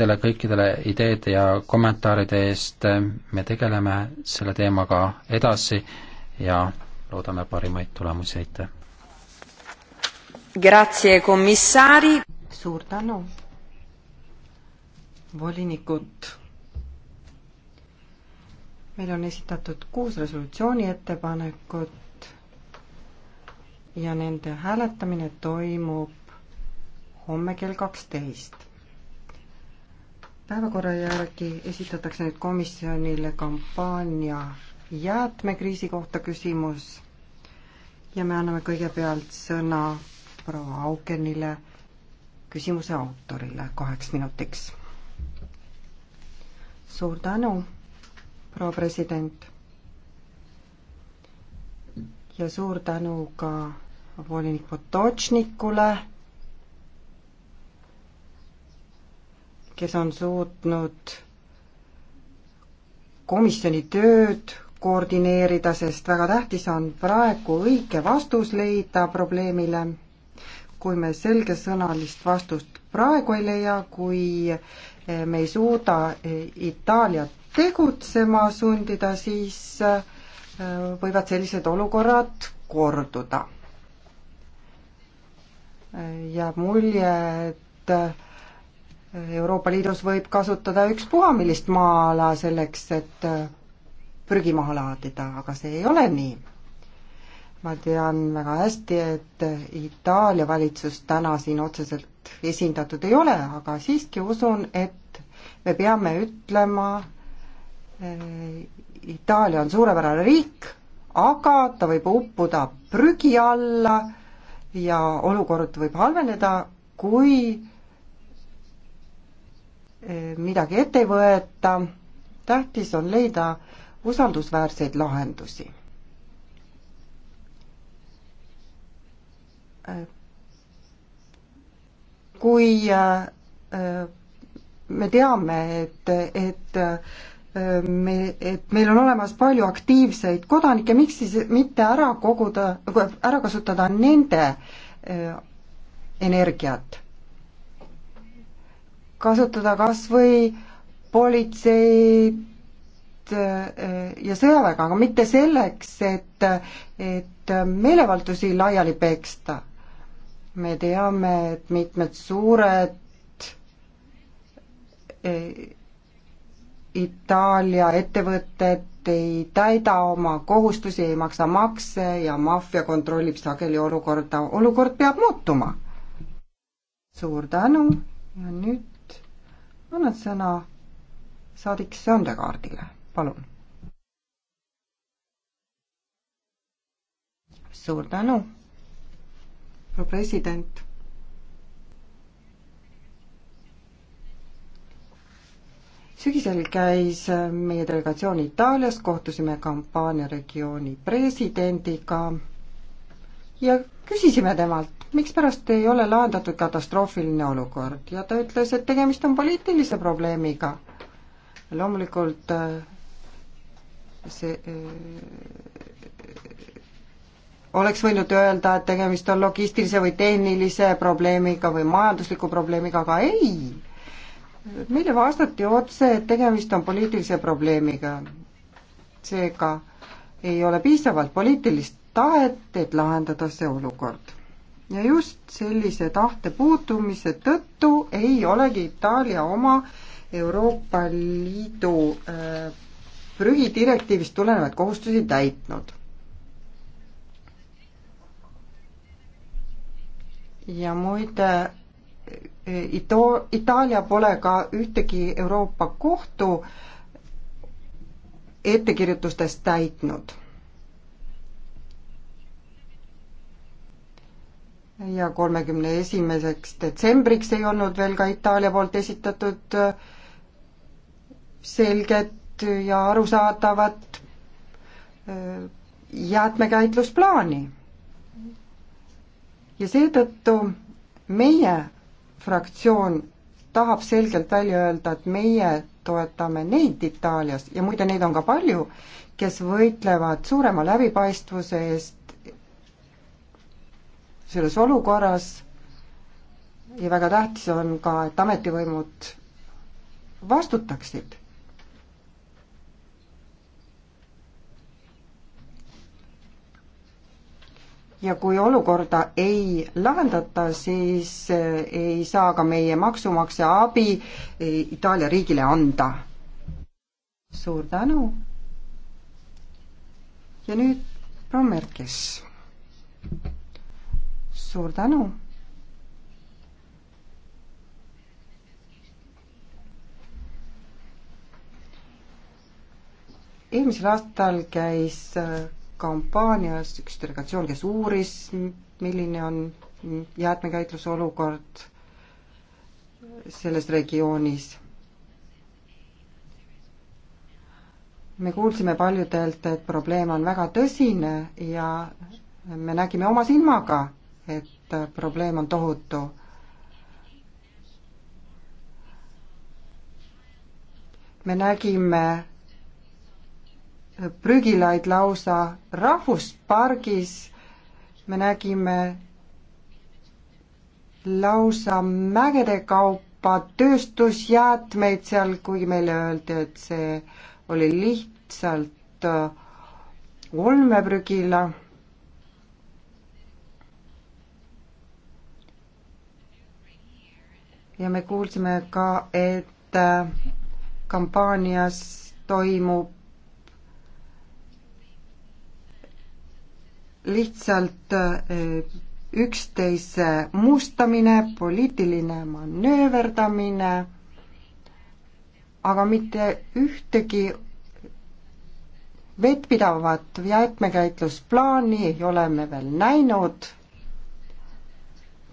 teile kõikidele ideede ja kommentaaride eest, me tegeleme selle teemaga edasi ja loodame parimaid tulemusi, aitäh! Grazie, komissari! suur tänu, volinikud! meil on esitatud kuus resolutsiooni ettepanekut ja nende hääletamine toimub homme kell kaksteist päevakorra järgi esitatakse nüüd komisjonile kampaania jäätmekriisi kohta küsimus ja me anname kõigepealt sõna proua Aukenile, küsimuse autorile kaheks minutiks. suur tänu, proua president. ja suur tänu ka volinik Potočnikule kes on suutnud komisjoni tööd koordineerida, sest väga tähtis on praegu õige vastus leida probleemile. kui me selgesõnalist vastust praegu ei leia, kui me ei suuda Itaaliat tegutsema sundida, siis äh, võivad sellised olukorrad korduda. Äh, jääb mulje, et äh, Euroopa Liidus võib kasutada ükspuha millist maa-ala selleks, et äh, prügi maha laadida, aga see ei ole nii. ma tean väga hästi, et Itaalia valitsus täna siin otseselt esindatud ei ole, aga siiski usun, et me peame ütlema, äh, Itaalia on suurepärane riik, aga ta võib uppuda prügi alla ja olukord võib halveneda, kui Eh, midagi ette ei võeta, tähtis on leida usaldusväärseid lahendusi. Eh, kui eh, me teame, et, et me, et meil on olemas palju aktiivseid kodanikke, miks siis mitte ära koguda, ära kasutada nende energiat kasutada kas või politseid äh, ja sõjaväega, aga mitte selleks, et, et meelevaldusi laiali peksta. me teame, et mitmed suured äh, Itaalia ettevõtted ei täida oma kohustusi, ei maksa makse ja maffia kontrollib sageli olukorda, olukord peab muutuma. suur tänu ja nüüd annan sõna saadik Sandekaardile, palun. suur tänu, proua president. sügisel käis meie delegatsioon Itaalias, kohtusime kampaania regiooni presidendiga ja küsisime temalt, mikspärast ei ole lahendatud katastroofiline olukord ja ta ütles, et tegemist on poliitilise probleemiga. loomulikult äh, see äh, oleks võinud öelda, et tegemist on logistilise või tehnilise probleemiga või majandusliku probleemiga, aga ei. meile vastati otse, et tegemist on poliitilise probleemiga. seega ei ole piisavalt poliitilist tahet, et lahendada see olukord ja just sellise tahte puudumise tõttu ei olegi Itaalia oma Euroopa Liidu äh, prügidirektiivist tulenevaid kohustusi täitnud. ja muide, äh, Ito-, Itaalia pole ka ühtegi Euroopa kohtu ettekirjutustest täitnud ja kolmekümne esimeseks detsembriks ei olnud veel ka Itaalia poolt esitatud äh, selget ja arusaadavat äh, jäätmekäitlusplaani. ja seetõttu meie fraktsioon tahab selgelt välja öelda, et meie toetame neid Itaalias ja muide, neid on ka palju, kes võitlevad suurema läbipaistvuse eest selles olukorras ja väga tähtis on ka, et ametivõimud vastutaksid. ja kui olukorda ei lahendata, siis eh, ei saa ka meie maksumaksja abi eh, Itaalia riigile anda. suur tänu. ja nüüd proua Merkis suur tänu. eelmisel aastal käis äh, kampaanias üks delegatsioon, kes uuris, milline on jäätmekäitluse olukord selles regioonis. me kuulsime paljudelt, et probleem on väga tõsine ja me nägime oma silmaga et probleem on tohutu. me nägime prügilaid lausa rahvuspargis, me nägime lausa mägede kaupa tööstusjäätmeid seal, kuigi meile öeldi, et see oli lihtsalt äh, olmeprügila ja me kuulsime ka, et äh, kampaanias toimub lihtsalt äh, üksteise mustamine, poliitiline manööverdamine, aga mitte ühtegi vettpidavat jäätmekäitlusplaani ei ole me veel näinud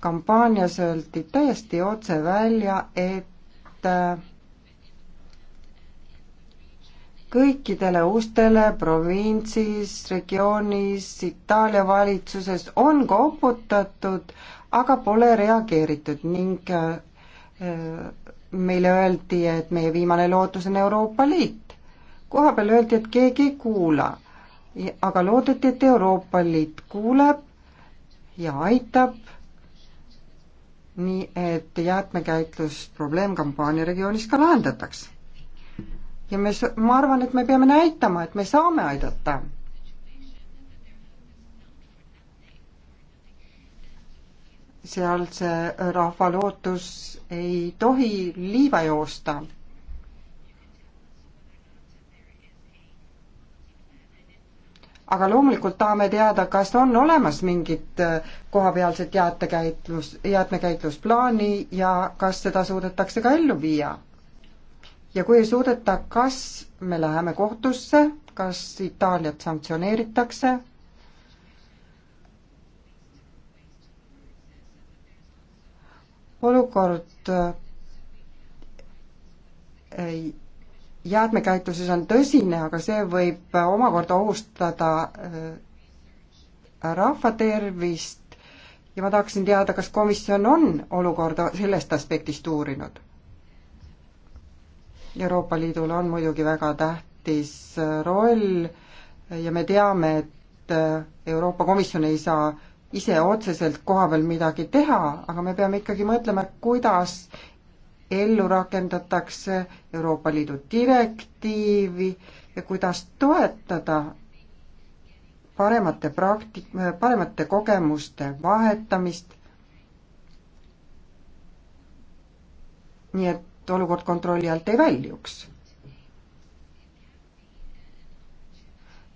kampaanias öeldi täiesti otse välja, et äh, kõikidele ustele provintsis, regioonis, Itaalia valitsuses on koputatud, aga pole reageeritud ning äh, äh, meile öeldi, et meie viimane lootus on Euroopa Liit. koha peal öeldi, et keegi ei kuula. aga loodeti, et Euroopa Liit kuuleb ja aitab nii et jäätmekäitlust probleemkampaania regioonis ka lahendataks. ja me, ma arvan, et me peame näitama, et me saame aidata. sealse rahva lootus ei tohi liiva joosta aga loomulikult tahame teada, kas on olemas mingid äh, kohapealsed jäätekäitlus, jäätmekäitlusplaani ja kas seda suudetakse ka ellu viia. ja kui ei suudeta, kas me läheme kohtusse, kas Itaaliat sanktsioneeritakse? olukord äh, ei jäätmekäitluses on tõsine, aga see võib omakorda ohustada äh, rahva tervist ja ma tahaksin teada, kas komisjon on olukorda sellest aspektist uurinud? Euroopa Liidul on muidugi väga tähtis äh, roll ja me teame, et äh, Euroopa Komisjon ei saa ise otseselt kohapeal midagi teha, aga me peame ikkagi mõtlema, kuidas ellu rakendatakse Euroopa Liidu direktiivi ja kuidas toetada paremate praktik-, paremate kogemuste vahetamist. nii et olukord kontrolli alt ei väljuks.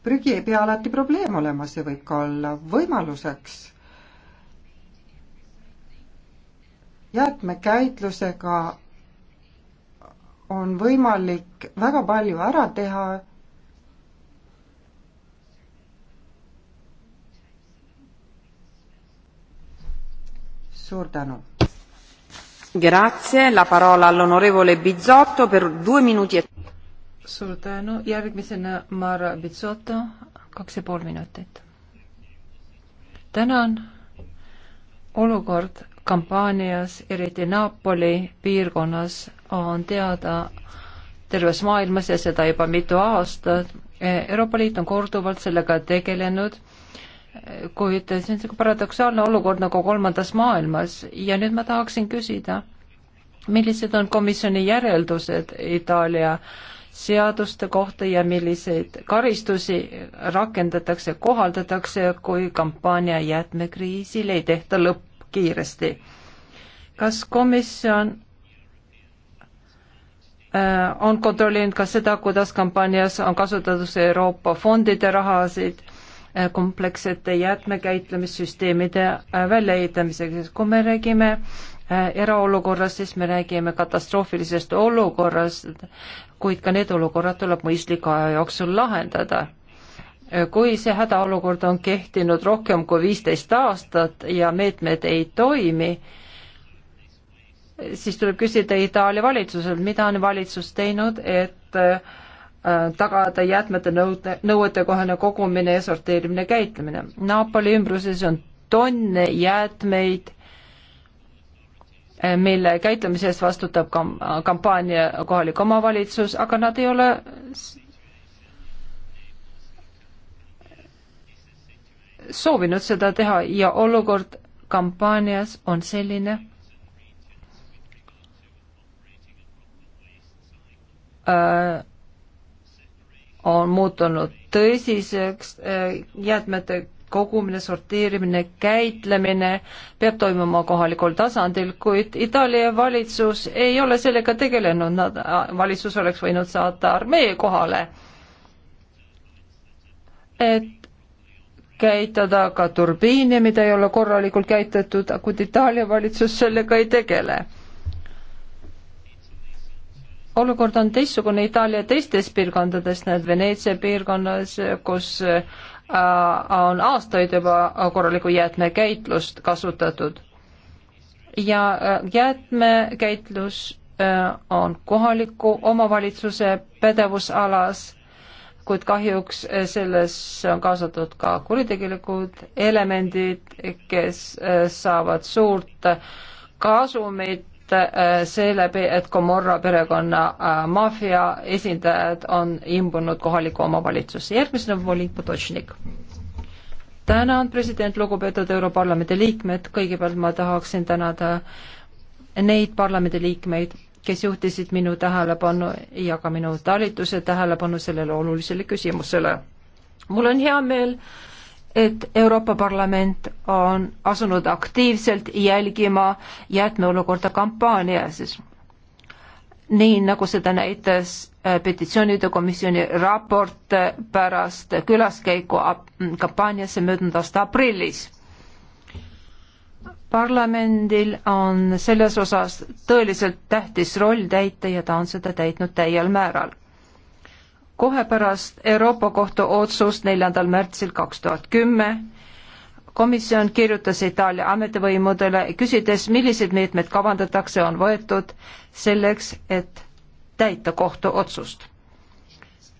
prügi ei pea alati probleem olema, see võib ka olla võimaluseks jäätmekäitlusega on võimalik väga palju ära teha. suur tänu. Grazie, la parola all'onorevole Bizzotto per due minuti e. suur tänu, järgmisena Mara Bizzotto, kaks ja pool minutit. tänan, olukord kampaanias, eriti Napoli piirkonnas, on teada terves maailmas ja seda juba mitu aastat. Euroopa Liit on korduvalt sellega tegelenud, kuid see on selline paradoksaalne olukord nagu kolmandas maailmas ja nüüd ma tahaksin küsida, millised on komisjoni järeldused Itaalia seaduste kohta ja milliseid karistusi rakendatakse, kohaldatakse, kui kampaania jäätmekriisil ei tehta lõppu? kiiresti. kas komisjon äh, on kontrollinud ka seda, kuidas kampaanias on kasutatud Euroopa fondide rahasid äh, komplekssete jäätmekäitlemissüsteemide äh, väljaehitamiseks, kui me räägime eraolukorrast, siis me räägime katastroofilisest olukorrast, kuid ka need olukorrad tuleb mõistliku aja jooksul lahendada kui see hädaolukord on kehtinud rohkem kui viisteist aastat ja meetmed ei toimi, siis tuleb küsida Itaalia valitsuselt, mida on valitsus teinud, et äh, tagada jäätmete nõude, nõuetekohane kogumine ja sorteerimine, käitlemine. Napoli ümbruses on tonne jäätmeid, äh, mille käitlemise eest vastutab kam-, kampaania kohalik omavalitsus, aga nad ei ole soovinud seda teha ja olukord kampaanias on selline, äh, on muutunud tõsiseks äh, jäätmete kogumine, sorteerimine, käitlemine peab toimuma kohalikul tasandil, kuid Itaalia valitsus ei ole sellega tegelenud, nad, äh, valitsus oleks võinud saata armee kohale, et käitada ka turbiine, mida ei ole korralikult käitatud, kuid Itaalia valitsus sellega ei tegele. olukord on teistsugune Itaalia teistes piirkondades, näed Veneetsia piirkonnas, kus äh, on aastaid juba korralikku jäätmekäitlust kasutatud. ja äh, jäätmekäitlus äh, on kohaliku omavalitsuse pädevusalas kuid kahjuks eh, sellesse on kaasatud ka kuritegelikud elemendid, kes eh, saavad suurt eh, kasumit seeläbi, et Comorra perekonna maffia esindajad on imbunud kohalikku omavalitsusse. järgmisena volinik Potočnik tänan, president, lugupeetud Europarlamendi liikmed, kõigepealt ma tahaksin tänada neid parlamendiliikmeid, kes juhtisid minu tähelepanu ja ka minu talituse tähelepanu sellele olulisele küsimusele. mul on hea meel, et Euroopa Parlament on asunud aktiivselt jälgima jäätmeolukorda kampaanias. nii nagu seda näitas äh, petitsioonide komisjoni raport äh, pärast külaskäiku kampaaniasse möödunud aasta aprillis parlamendil on selles osas tõeliselt tähtis roll täita ja ta on seda täitnud täiel määral. kohe pärast Euroopa Kohtu otsust neljandal märtsil kaks tuhat kümme komisjon kirjutas Itaalia ametivõimudele, küsides, millised meetmed kavandatakse, on võetud selleks, et täita kohtuotsust.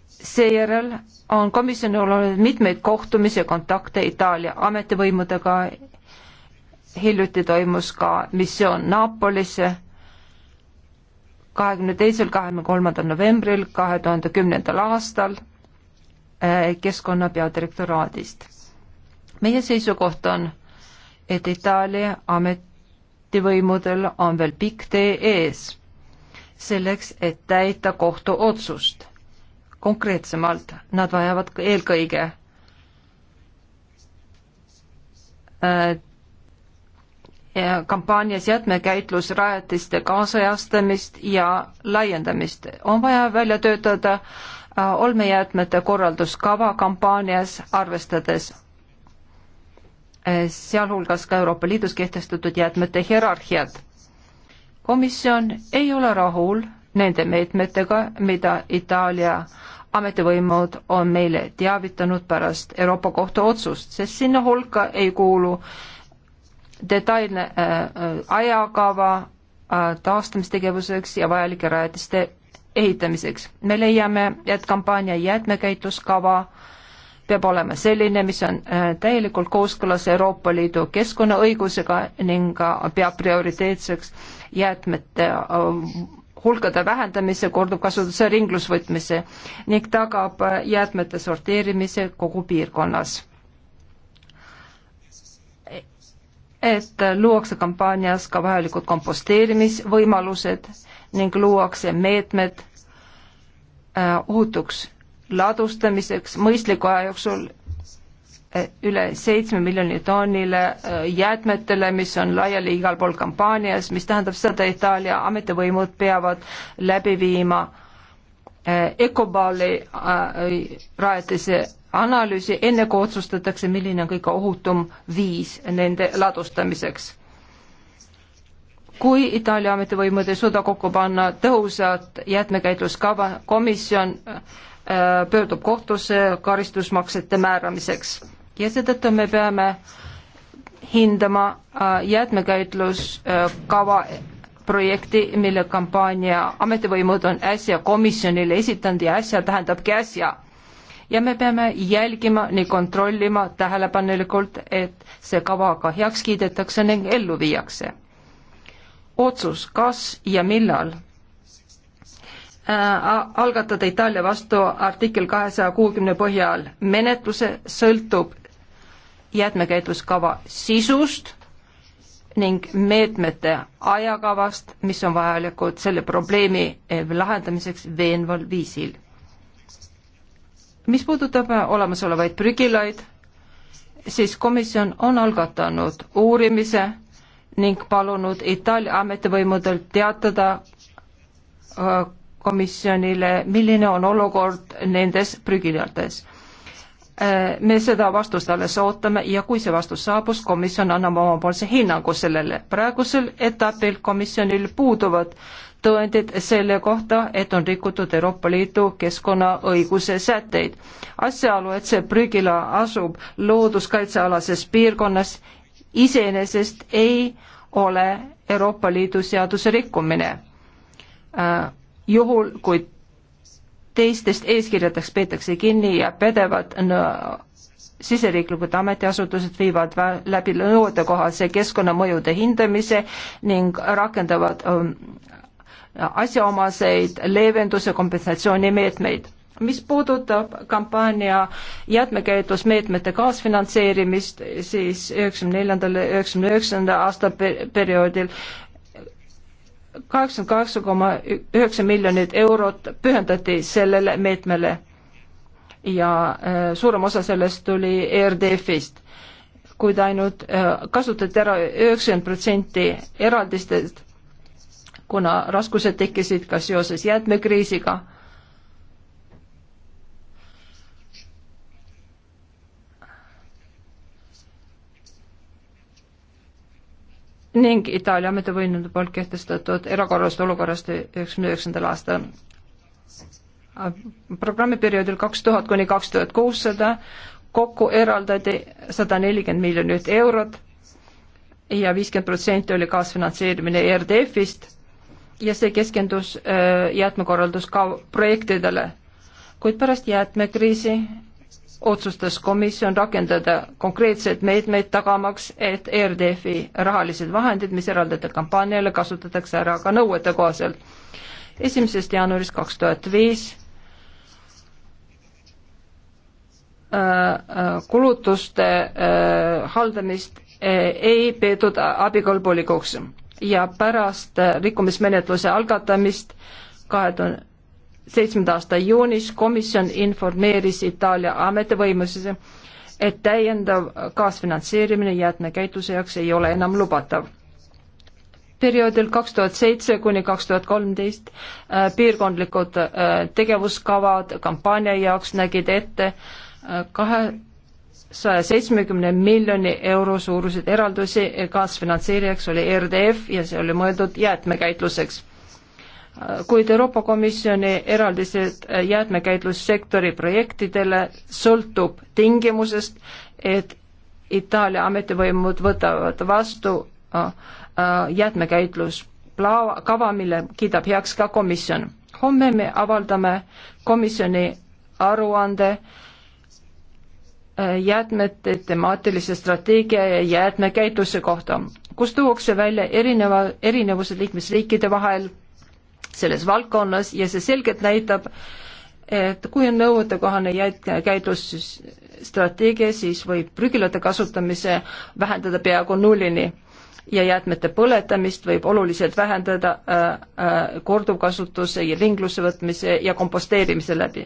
seejärel on komisjonil olnud mitmeid kohtumisi ja kontakte Itaalia ametivõimudega hiljuti toimus ka missioon Napolisse kahekümne teisel, kahekümne kolmandal novembril kahe tuhande kümnendal aastal äh, keskkonna peadirektoraadist. meie seisukoht on, et Itaalia ametivõimudel on veel pikk tee ees selleks, et täita kohtuotsust. konkreetsemalt nad vajavad eelkõige äh, kampaanias jätmekäitlusrajatiste kaasajastamist ja laiendamist. on vaja välja töötada äh, olmejäätmete korralduskava kampaanias, arvestades äh, sealhulgas ka Euroopa Liidus kehtestatud jäätmete hierarhiat. komisjon ei ole rahul nende meetmetega, mida Itaalia ametivõimud on meile teavitanud pärast Euroopa Kohtu otsust, sest sinna hulka ei kuulu äh, detailne äh, äh, ajakava äh, taastamistegevuseks ja vajalike rajatiste ehitamiseks. me leiame, et kampaania jäätmekäitluskava peab olema selline, mis on täielikult kooskõlas Euroopa Liidu keskkonnaõigusega ning peab prioriteetseks jäätmete hulkade vähendamise, korduvkasutuse ringlusvõtmise ning tagab jäätmete sorteerimise kogu piirkonnas et luuakse kampaanias ka vajalikud komposteerimisvõimalused ning luuakse meetmed äh, ohutuks ladustamiseks mõistliku aja jooksul äh, üle seitsme miljoni tonnile äh, jäätmetele, mis on laiali igal pool kampaanias, mis tähendab seda, et Itaalia ametivõimud peavad läbi viima Ecoballi rajatise analüüsi, enne kui otsustatakse, milline on kõige ohutum viis nende ladustamiseks. kui Itaalia ametivõimud ei suuda kokku panna tõhusat jäätmekäitluskava, komisjon äh, pöördub kohtusse karistusmaksete määramiseks ja seetõttu me peame hindama äh, jäätmekäitluskava projekti, mille kampaania ametivõimud on äsja komisjonile esitanud ja äsja tähendabki äsja ja me peame jälgima ning kontrollima tähelepanelikult, et see kava ka heaks kiidetakse ning ellu viiakse. otsus, kas ja millal äh, algatada Itaalia vastu artikkel kahesaja kuuekümne põhjal menetluse sõltub jäätmekäitluskava sisust ning meetmete ajakavast, mis on vajalikud selle probleemi eh, lahendamiseks veenval viisil mis puudutab äh, olemasolevaid prügilaid, siis komisjon on algatanud uurimise ning palunud Itaalia ametivõimudelt teatada äh, komisjonile, milline on olukord nendes prügilates. Äh, me seda vastust alles ootame ja kui see vastus saabus, komisjon annab omapoolse hinnangu sellele. praegusel etapil komisjonil puuduvad tõendid selle kohta, et on rikutud Euroopa Liidu keskkonnaõiguse sätteid. asjaolu, et see prügila asub looduskaitsealases piirkonnas, iseenesest ei ole Euroopa Liidu seaduse rikkumine. Äh, juhul, kui teistest eeskirjadest peetakse kinni ja pädevad siseriiklikud ametiasutused viivad läbi nõuetekohase keskkonnamõjude hindamise ning rakendavad ähm, asjaomaseid leevenduse kompensatsioonimeetmeid. mis puudutab kampaania jäätmekäitlusmeetmete kaasfinantseerimist, siis üheksakümne neljandal, üheksakümne üheksanda aasta perioodil kaheksakümmend kaheksa koma üheksa miljonit eurot pühendati sellele meetmele ja äh, suurem osa sellest tuli ERDF-ist, kuid ainult äh, kasutati ära üheksakümmend protsenti eraldistest kuna raskused tekkisid ka seoses jäätmekriisiga. ning Itaalia ametivõimude poolt kehtestatud erakorralisest olukorrast üheksakümne üheksandal aastal programmiperioodil kaks tuhat kuni kaks tuhat kuussada kokku eraldati sada nelikümmend miljonit eurot ja viiskümmend protsenti oli kaasfinantseerimine ERDF-ist ja see keskendus äh, jäätmekorralduskav-, projektidele. kuid pärast jäätmekriisi otsustas komisjon rakendada konkreetseid meetmeid, tagamaks, et ERDF-i rahalised vahendid, mis eraldatud kampaaniale, kasutatakse ära ka nõuete kohaselt. esimesest jaanuarist kaks tuhat viis äh, äh, kulutuste haldamist ei peetud abikõlbulikuks ja pärast rikkumismenetluse algatamist kahe tuhande seitsmenda aasta juunis komisjon informeeris Itaalia ametivõimusi, et täiendav kaasfinantseerimine jäätmekäitluse jaoks ei ole enam lubatav. perioodil kaks tuhat seitse kuni kaks tuhat kolmteist äh, piirkondlikud äh, tegevuskavad kampaania jaoks nägid ette äh, kahe saja seitsmekümne miljoni euro suuruseid eraldusi, kaasfinantseerijaks oli RDF ja see oli mõeldud jäätmekäitluseks. kuid Euroopa Komisjoni eraldised jäätmekäitlussektori projektidele sõltub tingimusest, et Itaalia ametivõimud võtavad vastu äh, äh, jäätmekäitluspla-, kava, mille kiidab heaks ka komisjon. homme me avaldame komisjoni aruande äh, Äh, jäätmete temaatilise strateegia ja jäätmekäitluse kohta, kus tuuakse välja erineva, erinevused liikmesriikide vahel selles valdkonnas ja see selgelt näitab, et kui on nõuetekohane jäätmekäitlusstrateegia, siis võib prügilate kasutamise vähendada peaaegu nullini ja jäätmete põletamist võib oluliselt vähendada äh, äh, korduvkasutuse ja ringlusse võtmise ja komposteerimise läbi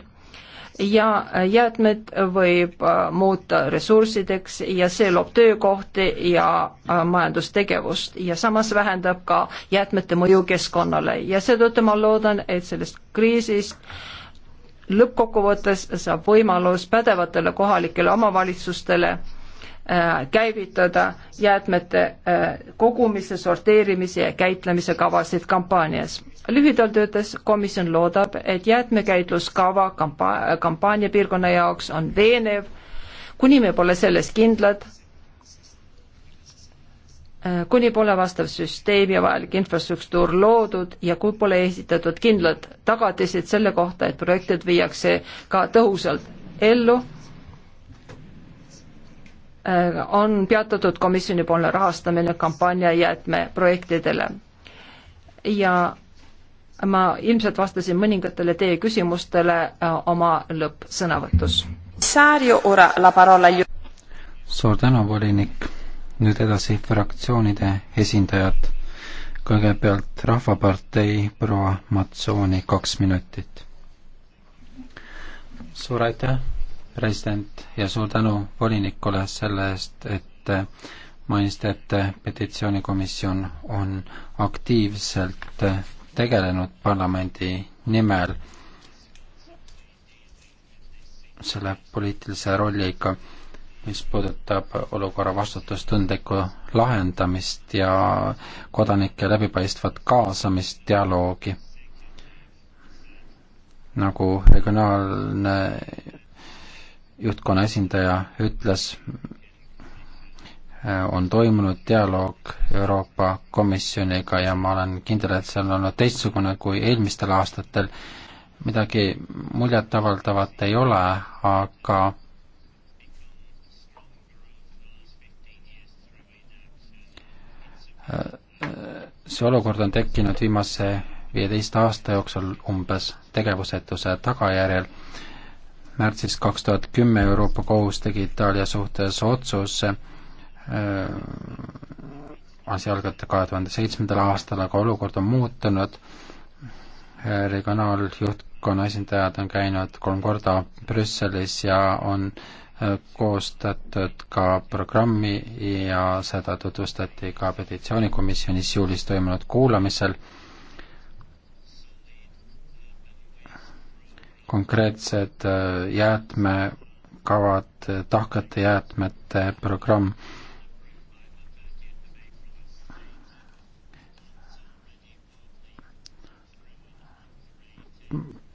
ja jäätmed võib äh, muuta ressurssideks ja see loob töökohti ja äh, majandustegevust ja samas vähendab ka jäätmete mõju keskkonnale ja seetõttu ma loodan, et sellest kriisist lõppkokkuvõttes saab võimalus pädevatele kohalikele omavalitsustele Äh, käivitada jäätmete äh, kogumise, sorteerimise ja käitlemise kavasid kampaanias. lühidalt öeldes komisjon loodab, et jäätmekäitluskava kampa-, kampaaniapiirkonna jaoks on veenev, kuni me pole selles kindlad, äh, kuni pole vastav süsteem ja vajalik infrastruktuur loodud ja kui pole esitatud kindlad tagatised selle kohta, et projektid viiakse ka tõhusalt ellu Äh, on peatatud komisjonipoolne rahastamine kampaania jäätmeprojektidele. ja ma ilmselt vastasin mõningatele teie küsimustele äh, oma lõppsõnavõtus. suur tänu, volinik. nüüd edasi fraktsioonide esindajad. kõigepealt Rahvapartei proua Matsooni, kaks minutit. suur aitäh president ja suur tänu volinikule selle eest, et mainisite, et petitsioonikomisjon on aktiivselt tegelenud parlamendi nimel selle poliitilise rolliga, mis puudutab olukorra vastutustundlikku lahendamist ja kodanike läbipaistvat kaasamist dialoogi. nagu regionaalne juhtkonna esindaja ütles, äh, on toimunud dialoog Euroopa Komisjoniga ja ma olen kindel, et see on olnud teistsugune kui eelmistel aastatel. midagi muljetavaldavat ei ole, aga äh, äh, see olukord on tekkinud viimase viieteist aasta jooksul umbes tegevusetuse tagajärjel märtsis kaks tuhat kümme Euroopa Kohus tegi Itaalia suhtes otsuse äh, asi algati kahe tuhande seitsmendal aastal, aga olukord on muutunud. regionaaljuhtkonna esindajad on käinud kolm korda Brüsselis ja on äh, koostatud ka programmi ja seda tutvustati ka petitsioonikomisjonis juulis toimunud kuulamisel konkreetsed äh, jäätmekavad, tahkete jäätmete programm.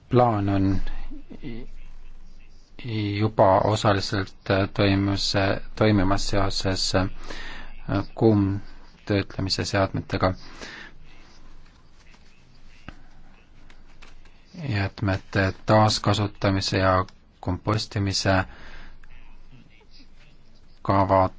plaan on juba osaliselt äh, toimus, äh, toimimas seoses kuumtöötlemise seadmetega äh, jäätmete taaskasutamise ja kompostimise kavad.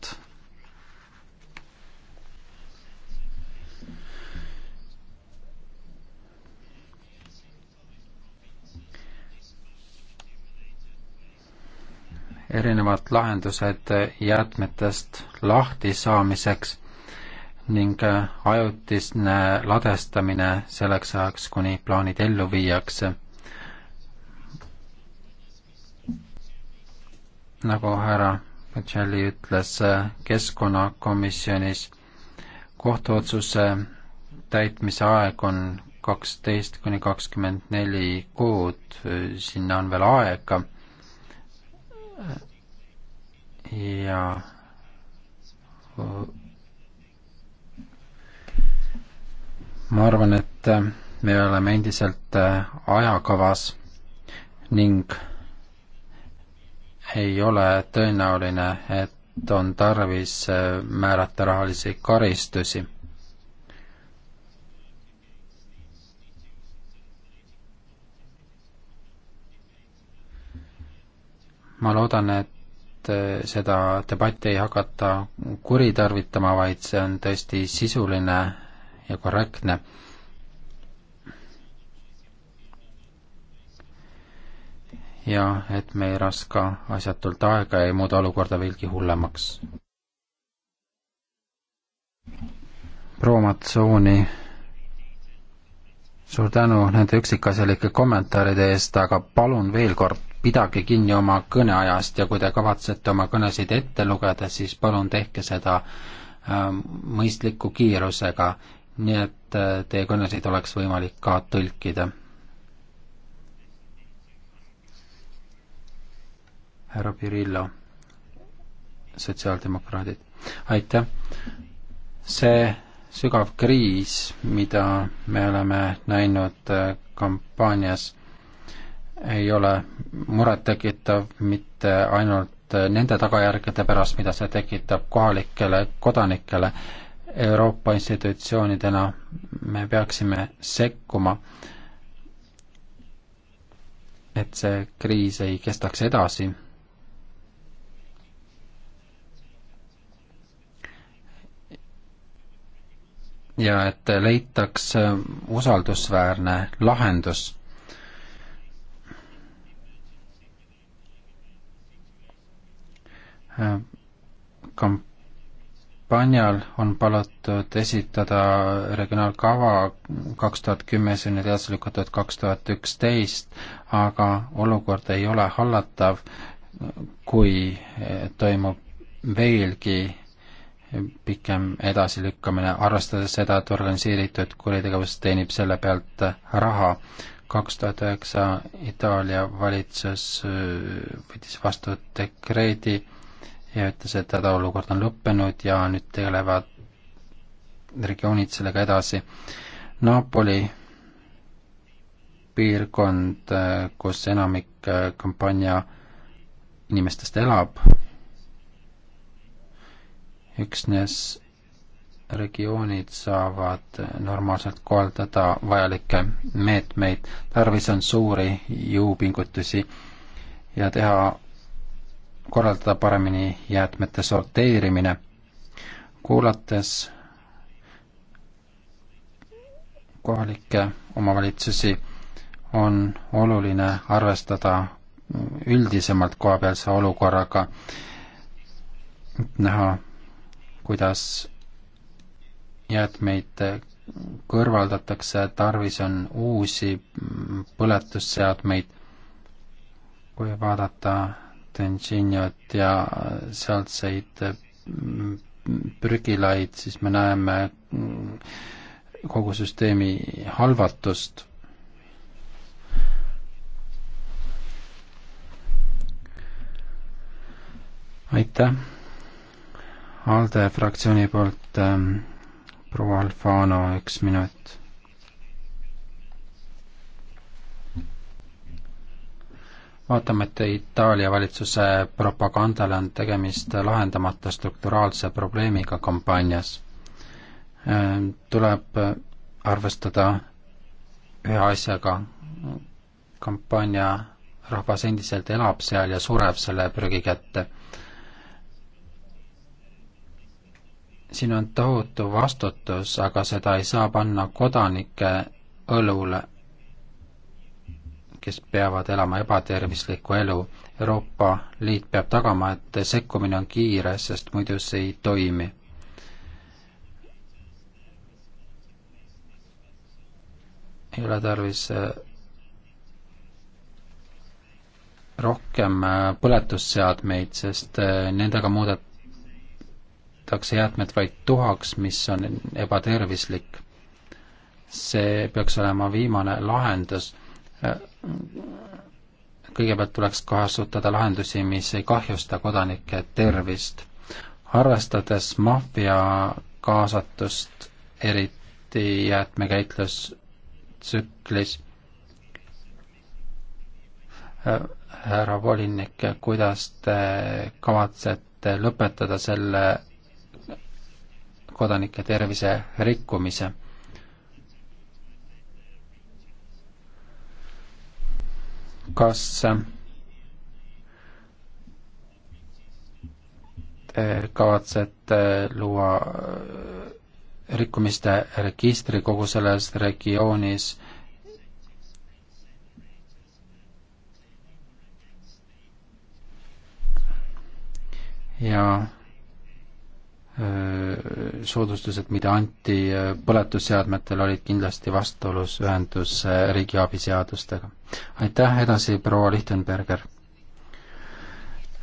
erinevad lahendused jäätmetest lahti saamiseks ning äh, ajutisne ladestamine selleks ajaks, kuni plaanid ellu viiakse. nagu härra Pacelli ütles äh, keskkonnakomisjonis, kohtuotsuse täitmise aeg on kaksteist kuni kakskümmend neli kuud, sinna on veel aega. ja ma arvan, et äh, me oleme endiselt äh, ajakavas ning ei ole tõenäoline, et on tarvis äh, määrata rahalisi karistusi. ma loodan, et seda debatti ei hakata kuritarvitama, vaid see on tõesti sisuline ja korrektne. ja et me ei raska asjatult aega ja ei muuda olukorda veelgi hullemaks. proua Matsooni, suur tänu nende üksikasjalike kommentaaride eest, aga palun veel kord pidage kinni oma kõneajast ja kui te kavatsete oma kõnesid ette lugeda, siis palun tehke seda äh, mõistliku kiirusega nii et äh, teie kõnesid oleks võimalik ka tõlkida. härra Pirillo, sotsiaaldemokraadid, aitäh! see sügav kriis, mida me oleme näinud äh, kampaanias, ei ole murettekitav mitte ainult äh, nende tagajärgede pärast, mida see tekitab kohalikele kodanikele, Euroopa institutsioonidena me peaksime sekkuma, et see kriis ei kestaks edasi. ja et leitaks usaldusväärne lahendus. Äh, kamp-, Hispaanial on palutud esitada regionaalkava kaks tuhat kümme, see on nüüd edasi lükatud kaks tuhat üksteist, aga olukord ei ole hallatav, kui toimub veelgi pikem edasilükkamine, arvestades seda, et organiseeritud kuritegevus teenib selle pealt raha. kaks tuhat üheksa Itaalia valitsus võttis vastu dekreedi, ja ütles, et hädaolukord on lõppenud ja nüüd tegelevad regioonid sellega edasi. Napoli piirkond, kus enamik äh, kampaania inimestest elab, üksnes regioonid saavad normaalselt kohaldada vajalikke meetmeid, tarvis on suuri jõupingutusi ja teha korraldada paremini jäätmete sorteerimine. kuulates kohalikke omavalitsusi, on oluline arvestada üldisemalt kohapealse olukorraga, näha, kuidas jäätmeid kõrvaldatakse, tarvis on uusi põletusseadmeid. kui vaadata Tenšinjat ja sealseid mm, prügilaid, siis me näeme mm, kogu süsteemi halvatust. aitäh, ALDE fraktsiooni poolt ähm, proua Alfano, üks minut vaatame, et Itaalia valitsuse propagandale on tegemist lahendamata strukturaalse probleemiga kampaanias. Ehm, tuleb arvestada ühe asjaga, kampaania rahvas endiselt elab seal ja sureb selle prügi kätte. siin on tohutu vastutus, aga seda ei saa panna kodanike õlule kes peavad elama ebatervislikku elu. Euroopa Liit peab tagama, et sekkumine on kiire, sest muidu see ei toimi. ei ole tarvis äh, rohkem äh, põletusseadmeid, sest äh, nendega muudetakse jäätmed vaid tuhaks, mis on ebatervislik. see peaks olema viimane lahendus kõigepealt tuleks kasutada lahendusi, mis ei kahjusta kodanike tervist. arvestades maffia kaasatust, eriti jäätmekäitlustsüklis, härra volinik, kuidas te kavatsete lõpetada selle kodanike tervise rikkumise? kas kavatsete luua äh, rikkumiste registri kogu selles regioonis soodustused, mida anti äh, põletusseadmetel, olid kindlasti vastuolus ühenduse riigiabi seadustega. aitäh, edasi proua Lichtenberger!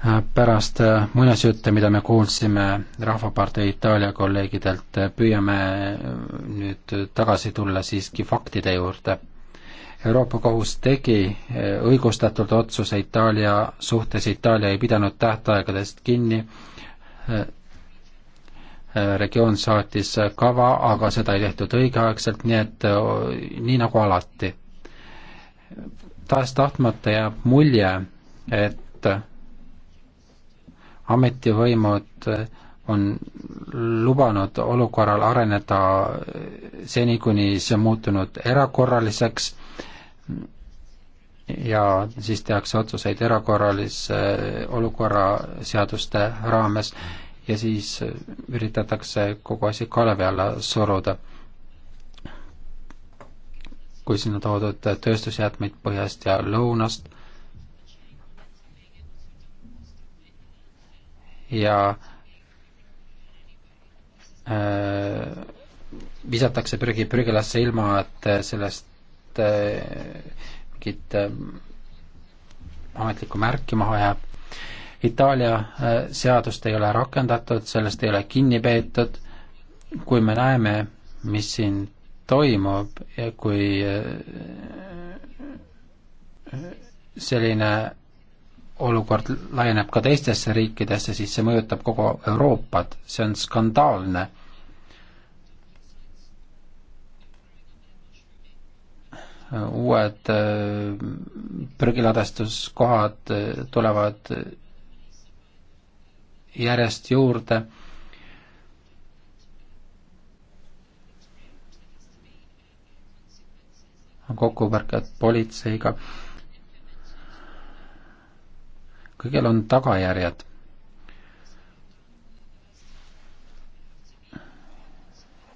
Äh, pärast äh, muinasjutte, mida me kuulsime Rahvapartei Itaalia kolleegidelt, püüame nüüd tagasi tulla siiski faktide juurde. Euroopa Kohus tegi õigustatult otsuse Itaalia suhtes, Itaalia ei pidanud tähtaegadest kinni, regioon saatis kava, aga seda ei tehtud õigeaegselt, nii et äh, nii nagu alati. tahes-tahtmata jääb mulje, et ametivõimud on lubanud olukorral areneda seni, kuni see on muutunud erakorraliseks ja siis tehakse otsuseid erakorralise olukorra seaduste raames ja siis äh, üritatakse kogu asi kalevi alla suruda. kui sinna toodud tööstusjäätmeid põhjast ja lõunast ja äh, visatakse prügi prügilasse ilma, et sellest äh, mingit äh, ametlikku märki maha jääb äh,. Itaalia äh, seadust ei ole rakendatud, sellest ei ole kinni peetud, kui me näeme, mis siin toimub ja kui äh, selline olukord laieneb ka teistesse riikidesse, siis see mõjutab kogu Euroopat, see on skandaalne uued äh, prügiladestuskohad tulevad järjest juurde. kokkupõrked politseiga. kõigil on tagajärjed.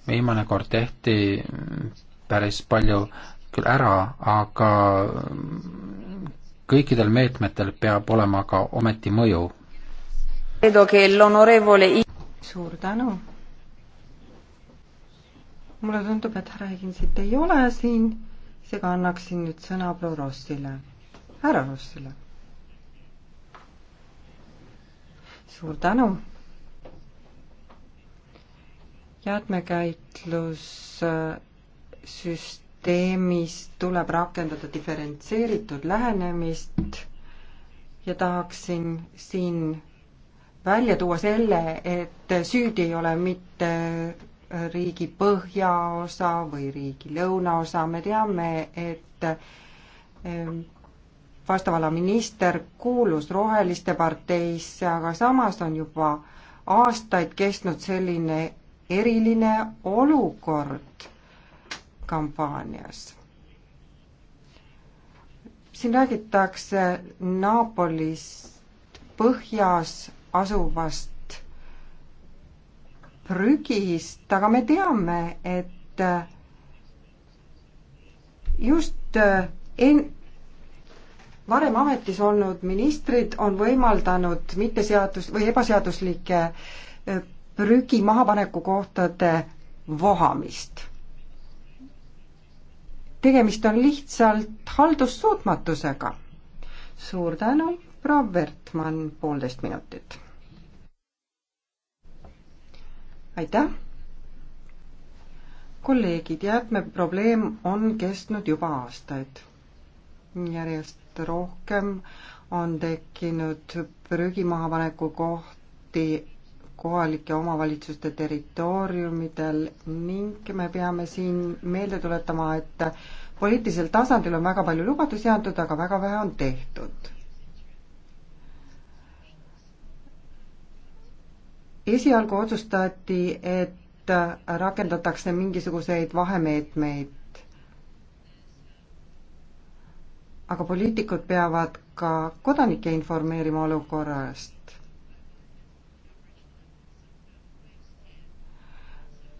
viimane kord tehti päris palju küll ära, aga kõikidel meetmetel peab olema ka ometi mõju suur tänu. mulle tundub, et härra Higinsit ei ole siin, seega annaksin nüüd sõna proua Rossile, härra Rossile. suur tänu jäätmekäitlussüsteemis tuleb rakendada diferentseeritud lähenemist ja tahaksin siin välja tuua selle, et süüdi ei ole mitte riigi põhjaosa või riigi lõunaosa, me teame, et ehm, vastava ala minister kuulus Roheliste parteisse, aga samas on juba aastaid kestnud selline eriline olukord kampaanias. siin räägitakse Napolist põhjas asuvast prügist, aga me teame, et äh, just äh, en-, varem ametis olnud ministrid on võimaldanud mitteseadus- või ebaseaduslike äh, prügi mahapanekukohtade vohamist tegemist on lihtsalt haldussuutmatusega. suur tänu, proua Wertmann, poolteist minutit. aitäh. kolleegid, jäätmeprobleem on kestnud juba aastaid. järjest rohkem on tekkinud prügi mahapaneku kohti kohalike omavalitsuste territooriumidel ning me peame siin meelde tuletama, et poliitilisel tasandil on väga palju lubadusi antud, aga väga vähe on tehtud. esialgu otsustati, et rakendatakse mingisuguseid vahemeetmeid. aga poliitikud peavad ka kodanikke informeerima olukorrast.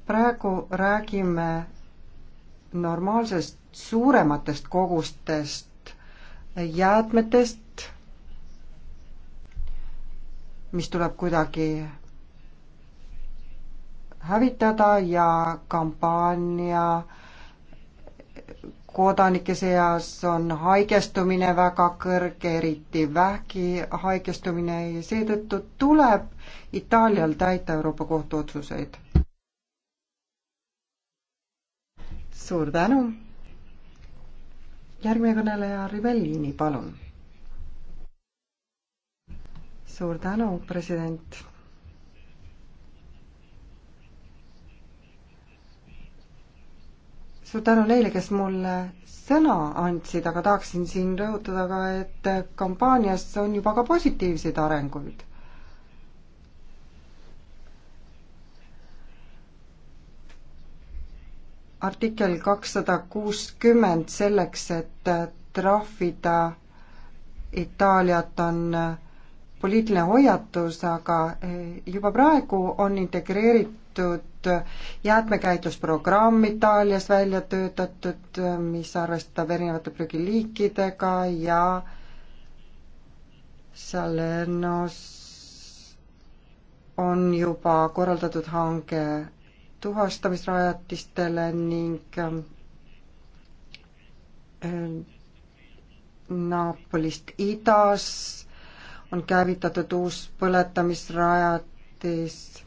praegu räägime normaalsest suurematest kogustest jäätmetest, mis tuleb kuidagi hävitada ja kampaania kodanike seas on haigestumine väga kõrge, eriti vähki haigestumine ja seetõttu tuleb Itaalial täita Euroopa Kohtu otsuseid. suur tänu. järgmine kõneleja Rivellini, palun. suur tänu, president suur tänu neile, kes mulle sõna andsid, aga tahaksin siin rõhutada ka, et kampaanias on juba ka positiivseid arenguid. artikkel kakssada kuuskümmend selleks, et trahvida Itaaliat, on poliitiline hoiatus, aga eh, juba praegu on integreeritud jäätmekäitlusprogramm Itaalias välja töötatud, eh, mis arvestab erinevate prügiliikidega ja Salernos on juba korraldatud hange tuhastamisrajatistele ning eh, Napolist idas on käivitatud uus põletamisrajatis.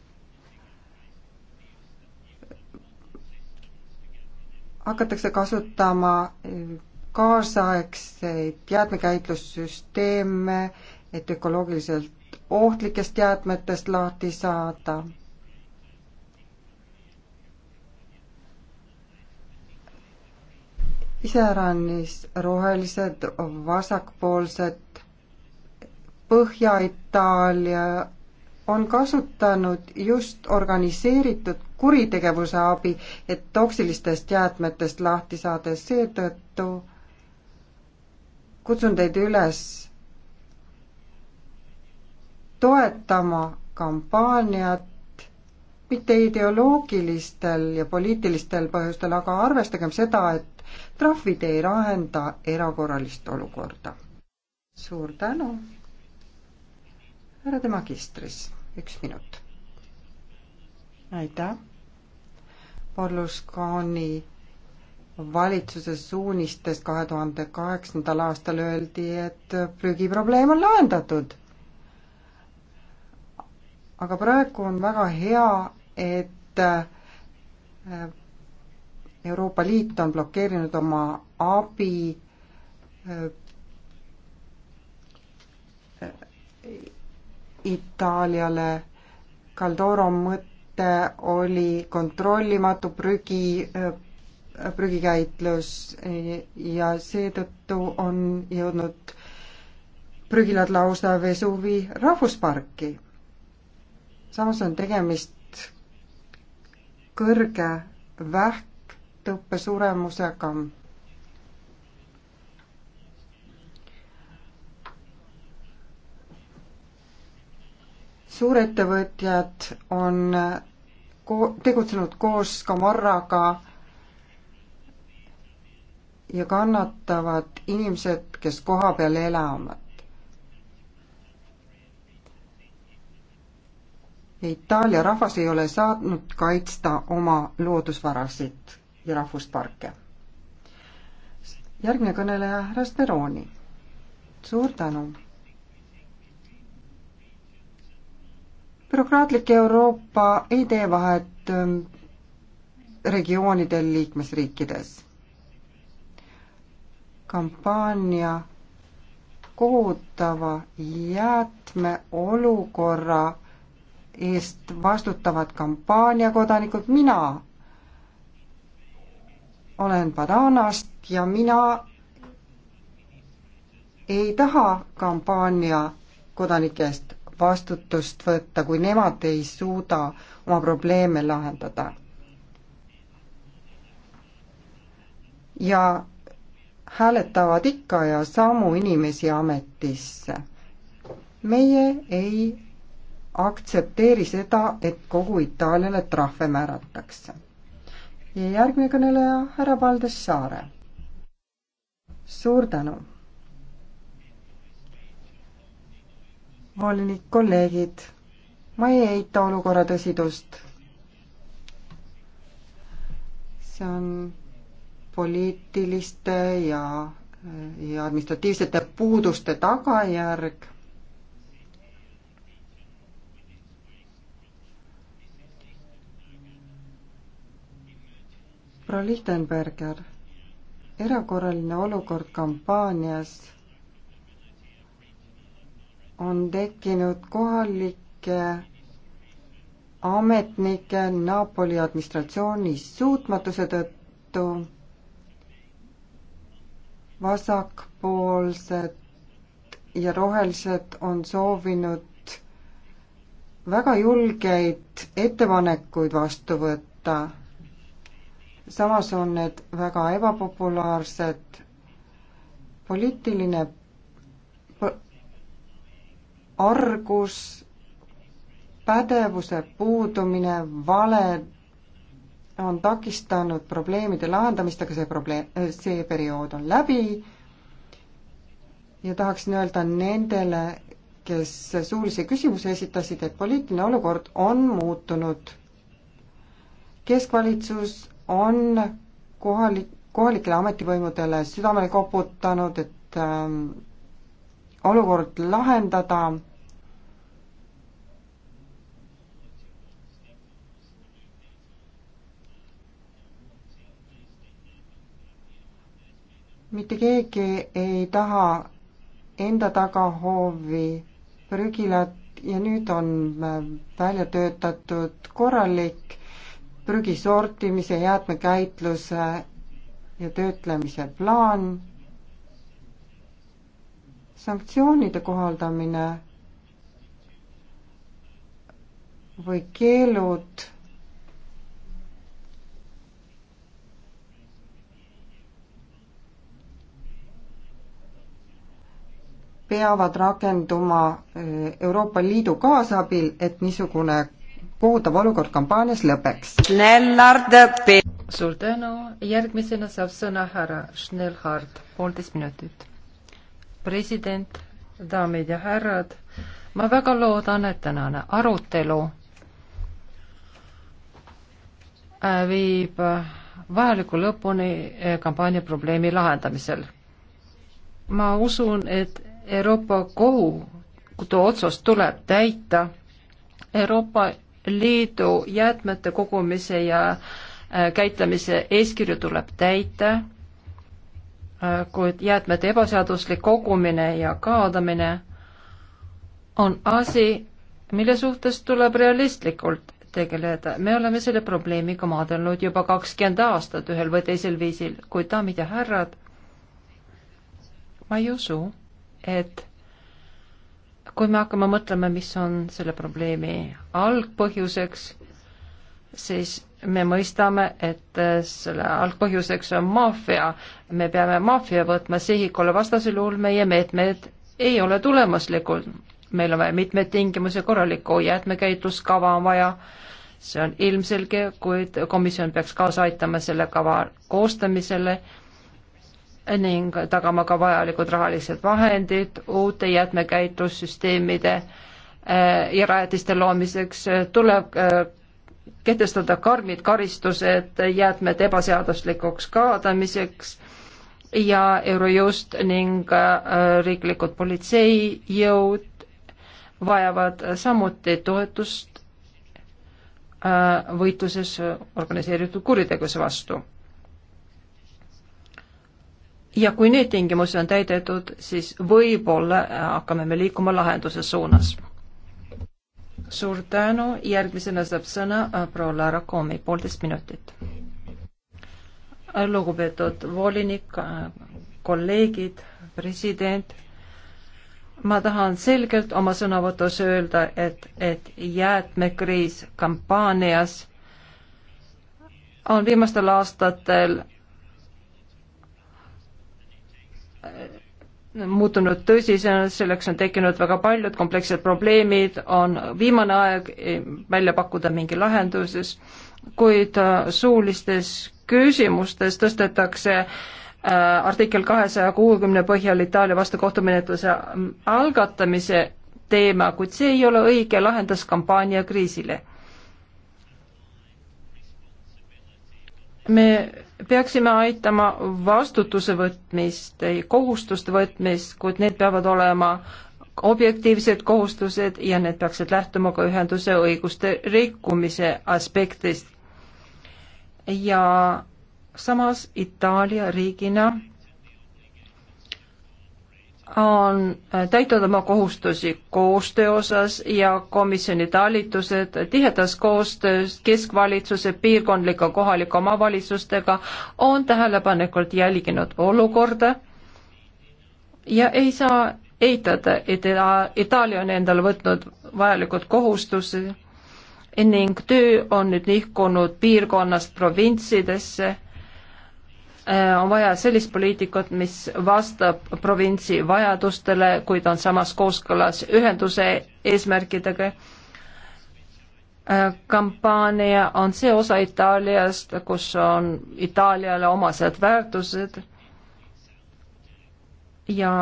hakatakse kasutama kaasaegseid jäätmekäitlussüsteeme, et ökoloogiliselt ohtlikest jäätmetest lahti saada iseäranis rohelised vasakpoolsed Põhja-Itaalia on kasutanud just organiseeritud kuritegevuse abi, et toksilistest jäätmetest lahti saada, seetõttu kutsun teid üles toetama kampaaniat mitte ideoloogilistel ja poliitilistel põhjustel, aga arvestagem seda, et trahvid ei lahenda erakorralist olukorda. suur tänu! härra de Magistris, üks minut. aitäh. Berlusconi valitsuse suunistest kahe tuhande kaheksandal aastal öeldi, et prügiprobleem on lahendatud. aga praegu on väga hea, et äh, Euroopa Liit on blokeerinud oma abi äh, Itaaliale. Caldoro mõte oli kontrollimatu prügi, äh, prügikäitlus ja seetõttu on jõudnud prügilad lausa Vesuvi rahvusparki. samas on tegemist kõrge vähktõppe suremusega suurettevõtjad on ko-, tegutsenud koos Camarraga ja kannatavad inimesed, kes koha peal elavad. Itaalia rahvas ei ole saanud kaitsta oma loodusvarasid ja rahvusparke. järgmine kõneleja, härra Speroni. suur tänu bürokraatlik Euroopa ei tee vahet ähm, regioonidel liikmesriikides. kampaania kohutava jäätmeolukorra eest vastutavad kampaaniakodanikud, mina olen Padanast ja mina ei taha kampaania kodanike eest vastutust võtta, kui nemad ei suuda oma probleeme lahendada. ja hääletavad ikka ja samu inimesi ametisse. meie ei aktsepteeri seda, et kogu Itaaliale trahve määratakse. ja järgmine kõneleja, härra Valdes Saare. suur tänu volinik, kolleegid, ma ei eita olukorra tõsidust. see on poliitiliste ja, ja administratiivsete puuduste tagajärg proua Lichtenberger, erakorraline olukord kampaanias on tekkinud kohalike ametnike Napoli administratsiooni suutmatuse tõttu vasakpoolsed ja rohelised on soovinud väga julgeid ettepanekuid vastu võtta. samas on need väga ebapopulaarsed. poliitiline argus, pädevuse puudumine, valed on takistanud probleemide lahendamist, aga see probleem, see periood on läbi ja tahaksin öelda nendele, kes suulise küsimuse esitasid, et poliitiline olukord on muutunud. keskvalitsus on kohalik, kohalikele ametivõimudele südamele koputanud, et ähm, olukord lahendada mitte keegi ei taha enda tagahoovi prügilat ja nüüd on äh, välja töötatud korralik prügi sortimise, jäätmekäitluse ja töötlemise plaan. sanktsioonide kohaldamine või keelud peavad rakenduma äh, Euroopa Liidu kaasabil, et niisugune kohutav olukord kampaanias lõpeks. suur tänu, järgmisena saab sõna härra Schnellhard, poolteist minutit. president, daamid ja härrad, ma väga loodan, et tänane arutelu äh, viib äh, vajaliku lõpuni kampaania probleemi lahendamisel. ma usun, et Euroopa Kohtu otsust tuleb täita. Euroopa Liidu jäätmete kogumise ja äh, käitlemise eeskirju tuleb täita, äh, kuid jäätmete ebaseaduslik kogumine ja kaadamine on asi, mille suhtes tuleb realistlikult tegeleda. me oleme selle probleemiga maadelnud juba kakskümmend aastat ühel või teisel viisil, kuid daamid ja härrad, ma ei usu et kui me hakkame mõtlema, mis on selle probleemi algpõhjuseks, siis me mõistame, et äh, selle algpõhjuseks on maffia. me peame maffia võtma sihikule, vastasel juhul meie meetmed ei ole tulemuslikud. meil on vaja mitmeid tingimusi, korralikku jäätmekäitluskava on vaja, see on ilmselge, kuid komisjon peaks kaasa aitama selle kava koostamisele ning tagama ka vajalikud rahalised vahendid uute jäätmekäitlussüsteemide äh, ja rajatiste loomiseks tuleb äh, kehtestada karmid karistused jäätmete ebaseaduslikuks kaadamiseks ja Eurojust ning äh, riiklikud politseijõud vajavad samuti toetust võitluses organiseeritud kuritegevuse vastu ja kui need tingimused on täidetud, siis võib-olla äh, hakkame me liikuma lahenduse suunas. suur tänu, järgmisena saab sõna äh, proua Lara Komi, poolteist minutit. lugupeetud volinik, äh, kolleegid, president, ma tahan selgelt oma sõnavõtus öelda, et, et jäätmekriis kampaanias on viimastel aastatel muutunud tõsisemaks, selleks on tekkinud väga paljud komplekssed probleemid, on viimane aeg eh, välja pakkuda mingi lahenduses, kuid äh, suulistes küsimustes tõstetakse äh, artikkel kahesaja kuuekümne põhjal Itaalia vastu kohtumenetluse mm, algatamise teema, kuid see ei ole õige lahendus kampaania kriisile me peaksime aitama vastutuse võtmist, kohustuste võtmist, kuid need peavad olema objektiivsed kohustused ja need peaksid lähtuma ka ühenduse õiguste rikkumise aspektist. ja samas Itaalia riigina on äh, täitnud oma kohustusi koostöö osas ja komisjoni talitused tihedas koostöös keskvalitsuse, piirkondlike, kohalike omavalitsustega on tähelepanelikult jälginud olukorda ja ei saa eitada, et Itaalia on endale võtnud vajalikud kohustused ning töö on nüüd nihkunud piirkonnast provintsidesse Äh, on vaja sellist poliitikat, mis vastab provintsi vajadustele, kuid on samas kooskõlas ühenduse eesmärkidega. Äh, kampaania on see osa Itaaliast, kus on Itaaliale omased väärtused ja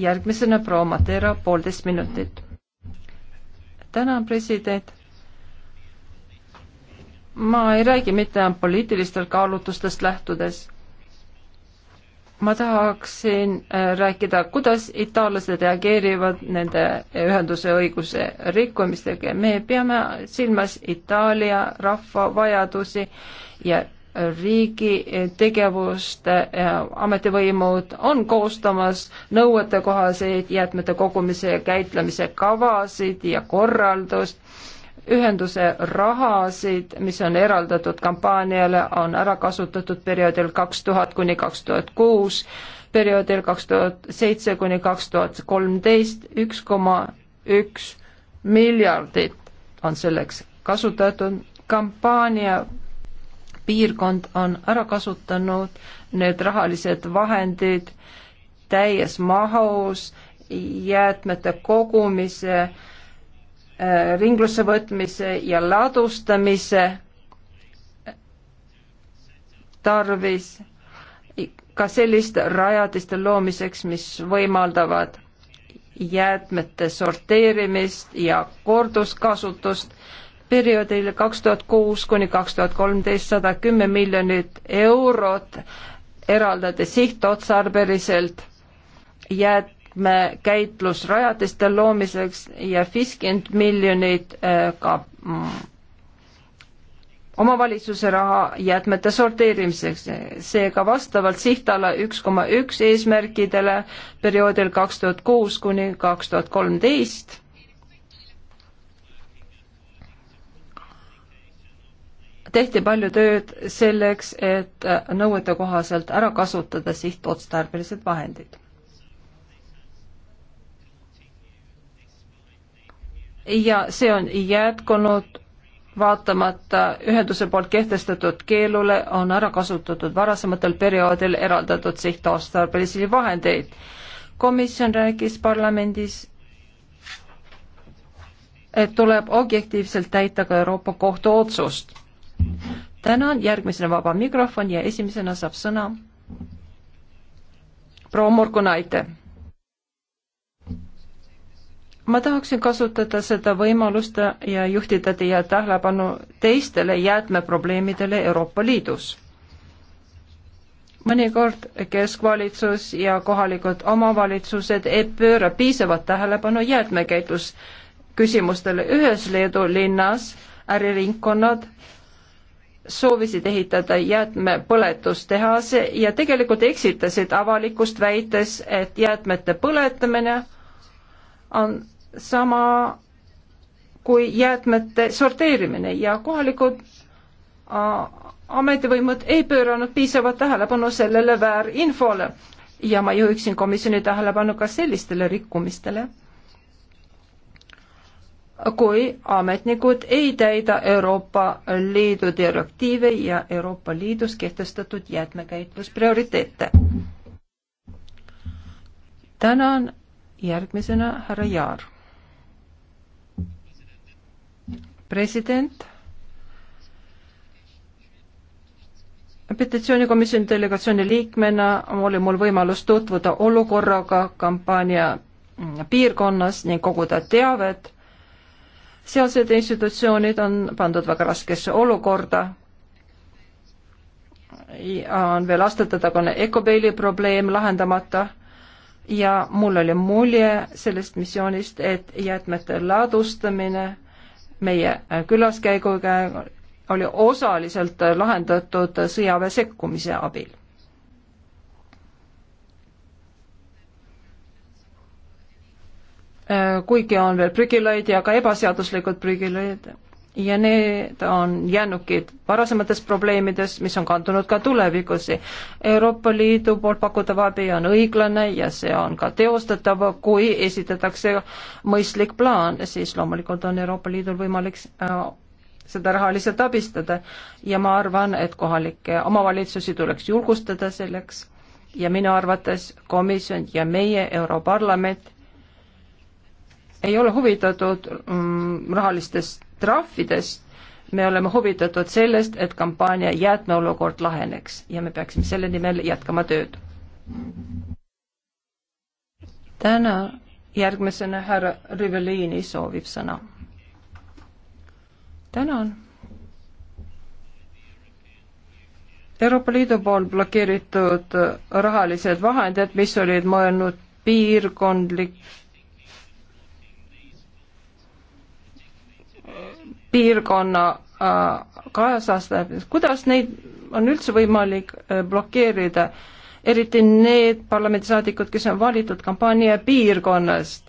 järgmisena proua Matera poolteist minutit. tänan, president ma ei räägi mitte ainult poliitilistest kaalutlustest lähtudes. ma tahaksin äh, rääkida, kuidas itaallased reageerivad nende ühenduse õiguse rikkumistega ja me peame silmas Itaalia rahva vajadusi ja riigi tegevust ja äh, ametivõimud on koostamas nõuetekohaseid jäätmete kogumise ja käitlemise kavasid ja korraldust ühenduse rahasid, mis on eraldatud kampaaniale, on ära kasutatud perioodil kaks tuhat kuni kaks tuhat kuus, perioodil kaks tuhat seitse kuni kaks tuhat kolmteist üks koma üks miljardit on selleks kasutatud. kampaania piirkond on ära kasutanud need rahalised vahendid täies mahus jäätmete kogumise äh, ringlusse võtmise ja ladustamise tarvis ka selliste rajatiste loomiseks, mis võimaldavad jäätmete sorteerimist ja korduskasutust perioodil kaks tuhat kuus kuni kaks tuhat kolmteist sada kümme miljonit eurot eraldati sihtotstarbeliselt jäät-, jäätmekäitlusrajatiste loomiseks ja viiskümmend miljonit äh, ka mm, omavalitsuse raha jäätmete sorteerimiseks. seega vastavalt sihtala üks koma üks eesmärkidele perioodil kaks tuhat kuus kuni kaks tuhat kolmteist tehti palju tööd selleks, et äh, nõuete kohaselt ära kasutada sihtotstarbelised vahendid ja see on jätkunud vaatamata ühenduse poolt kehtestatud keelule on ära kasutatud varasematel perioodil eraldatud sihtotstarbelisi vahendeid. komisjon rääkis parlamendis, et tuleb objektiivselt täita ka Euroopa Kohtu otsust. tänan, järgmisena vaba mikrofon ja esimesena saab sõna proua Murkunaite ma tahaksin kasutada seda võimalust ja juhtida teie tähelepanu teistele jäätmeprobleemidele Euroopa Liidus. mõnikord keskvalitsus ja kohalikud omavalitsused ei pööra piisavat tähelepanu jäätmekäitlus küsimustele. ühes Leedu linnas äriringkonnad soovisid ehitada jäätmepõletustehase ja tegelikult eksitasid avalikkust väites, et jäätmete põletamine on sama kui jäätmete sorteerimine ja kohalikud äh, ametivõimud ei pööranud piisavat tähelepanu sellele väärinfole ja ma juhiksin komisjoni tähelepanu ka sellistele rikkumistele, kui ametnikud ei täida Euroopa Liidu direktiive ja Euroopa Liidus kehtestatud jäätmekäitlusprioriteete. tänan järgmisena härra Jaar. president. petitsioonikomisjoni delegatsiooni liikmena oli mul võimalus tutvuda olukorraga kampaania piirkonnas ning koguda teavet. sealsed institutsioonid on pandud väga raskesse olukorda ja on veel aastate tagune Ecobaili probleem lahendamata ja mul oli mulje sellest missioonist, et jäätmete ladustamine meie äh, külaskäiguga oli osaliselt lahendatud sõjaväe sekkumise abil. Äh, kuigi on veel prügilaid ja ka ebaseaduslikud prügilaid ja need on jäänukid varasemates probleemides, mis on kandunud ka tulevikusse. Euroopa Liidu poolt pakutav abi on õiglane ja see on ka teostatav, kui esitatakse mõistlik plaan, siis loomulikult on Euroopa Liidul võimalik äh, seda rahaliselt abistada ja ma arvan, et kohalikke omavalitsusi tuleks julgustada selleks ja minu arvates komisjon ja meie Europarlament ei ole huvitatud mm, rahalistest trahvidest, me oleme huvitatud sellest, et kampaania jäätmeolukord laheneks ja me peaksime selle nimel jätkama tööd. täna järgmisena härra Riveliini soovib sõna. tänan. Euroopa Liidu poolt blokeeritud rahalised vahendid, mis olid mõelnud piirkondlik piirkonna äh, kaasastamist, kuidas neid on üldse võimalik äh, blokeerida, eriti need parlamendisaadikud, kes on valitud kampaania piirkonnast?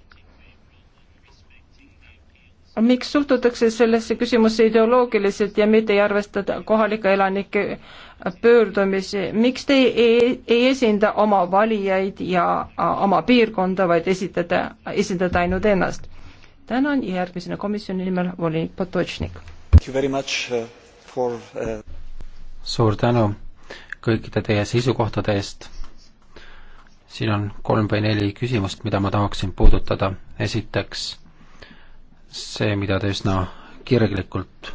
miks suhtutakse sellesse küsimusse ideoloogiliselt ja mitte ei arvestata kohalike elanike äh, pöördumisi, miks te ei, ei esinda oma valijaid ja oma piirkonda, vaid esitate, esindate ainult ennast? tänan ja järgmisena komisjoni nimel volinik Potočnik. Uh, uh... suur tänu kõikide teie seisukohtade eest. siin on kolm või neli küsimust, mida ma tahaksin puudutada. esiteks see, mida te üsna kirglikult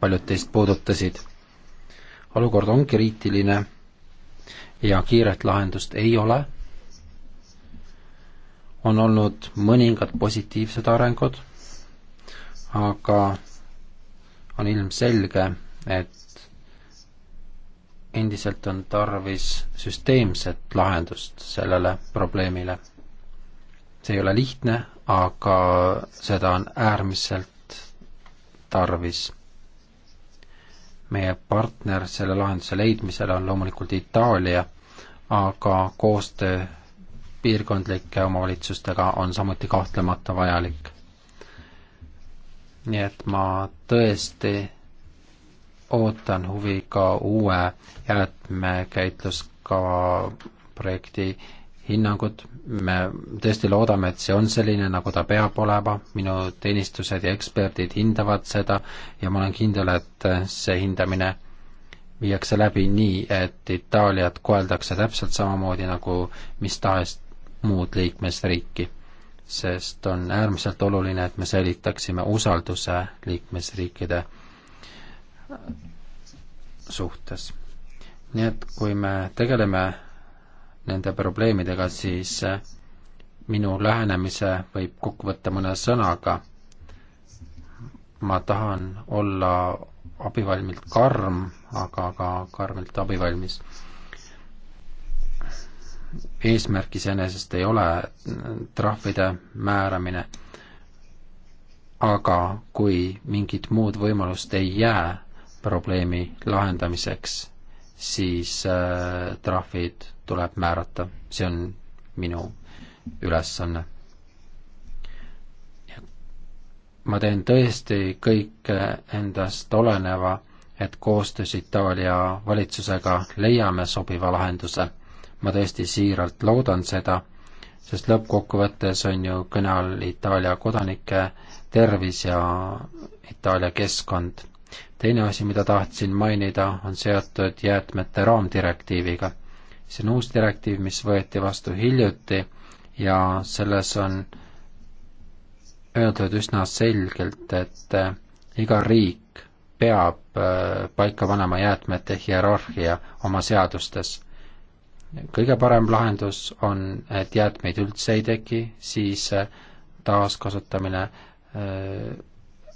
paljud teist puudutasid. olukord on kriitiline ja kiiret lahendust ei ole on olnud mõningad positiivsed arengud, aga on ilmselge, et endiselt on tarvis süsteemset lahendust sellele probleemile. see ei ole lihtne, aga seda on äärmiselt tarvis. meie partner selle lahenduse leidmisel on loomulikult Itaalia, aga koostöö piirkondlike omavalitsustega on samuti kahtlemata vajalik. nii et ma tõesti ootan huviga uue jäätmekäitluskava projekti hinnangut, me tõesti loodame, et see on selline, nagu ta peab olema, minu teenistused ja eksperdid hindavad seda ja ma olen kindel, et see hindamine viiakse läbi nii, et Itaaliat koheldakse täpselt samamoodi nagu mis tahes muud liikmesriiki, sest on äärmiselt oluline, et me säilitaksime usalduse liikmesriikide suhtes. nii et kui me tegeleme nende probleemidega, siis eh, minu lähenemise võib kokku võtta mõne sõnaga. ma tahan olla abivalmilt karm, aga ka karmilt abivalmis eesmärk iseenesest ei ole trahvide määramine, aga kui mingit muud võimalust ei jää probleemi lahendamiseks, siis äh, trahvid tuleb määrata, see on minu ülesanne ma teen tõesti kõik äh, endast oleneva, et koostöös Itaalia valitsusega leiame sobiva lahenduse ma tõesti siiralt loodan seda, sest lõppkokkuvõttes on ju kõne all Itaalia kodanike tervis ja Itaalia keskkond. teine asi, mida tahtsin mainida, on seotud jäätmete raamdirektiiviga. see on uus direktiiv, mis võeti vastu hiljuti ja selles on öeldud üsna selgelt, et eh, iga riik peab eh, paika panema jäätmete hierarhia oma seadustes kõige parem lahendus on, et jäätmeid üldse ei teki, siis äh, taaskasutamine, äh,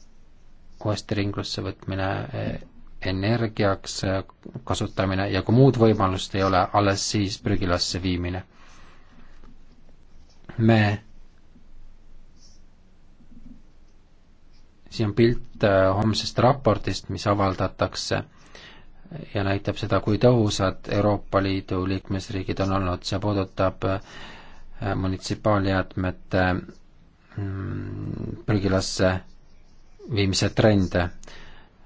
uuesti ringlusse võtmine, äh, energiaks kasutamine ja kui muud võimalust ei ole, alles siis prügilasse viimine. me, siin on pilt homsest raportist, mis avaldatakse ja näitab seda, kui tõhusad Euroopa Liidu liikmesriigid on olnud, see puudutab äh, munitsipaaljäätmete mm, prügilasse viimise trende.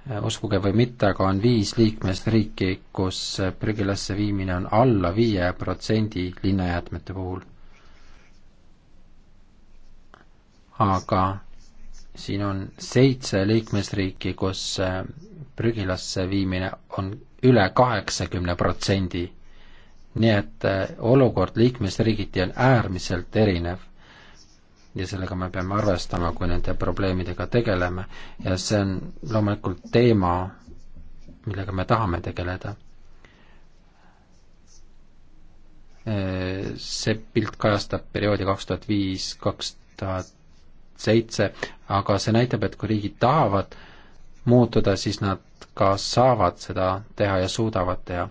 Äh, uskuge või mitte, aga on viis liikmesriiki, kus äh, prügilasse viimine on alla viie protsendi linnajäätmete puhul. aga siin on seitse liikmesriiki, kus äh, prügilasse viimine on üle kaheksakümne protsendi. nii et äh, olukord liikmesriigiti on äärmiselt erinev. ja sellega me peame arvestama, kui nende probleemidega tegeleme ja see on loomulikult teema, millega me tahame tegeleda. Äh, see pilt kajastab perioodi kaks tuhat viis, kaks tuhat seitse, aga see näitab, et kui riigid tahavad muutuda, siis nad ka saavad seda teha ja suudavad teha.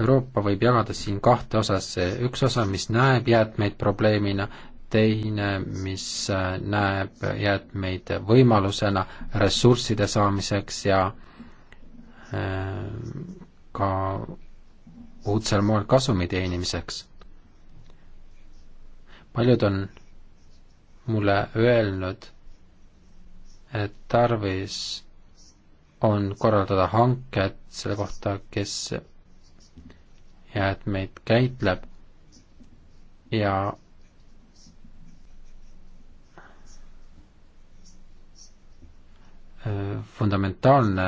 Euroopa võib jagada siin kahte osasse, üks osa, mis näeb jäätmeid probleemina, teine, mis äh, näeb jäätmeid võimalusena ressursside saamiseks ja äh, ka uudsel moel kasumi teenimiseks paljud on mulle öelnud, et tarvis on korraldada hanked selle kohta, kes jäätmeid käitleb ja fundamentaalne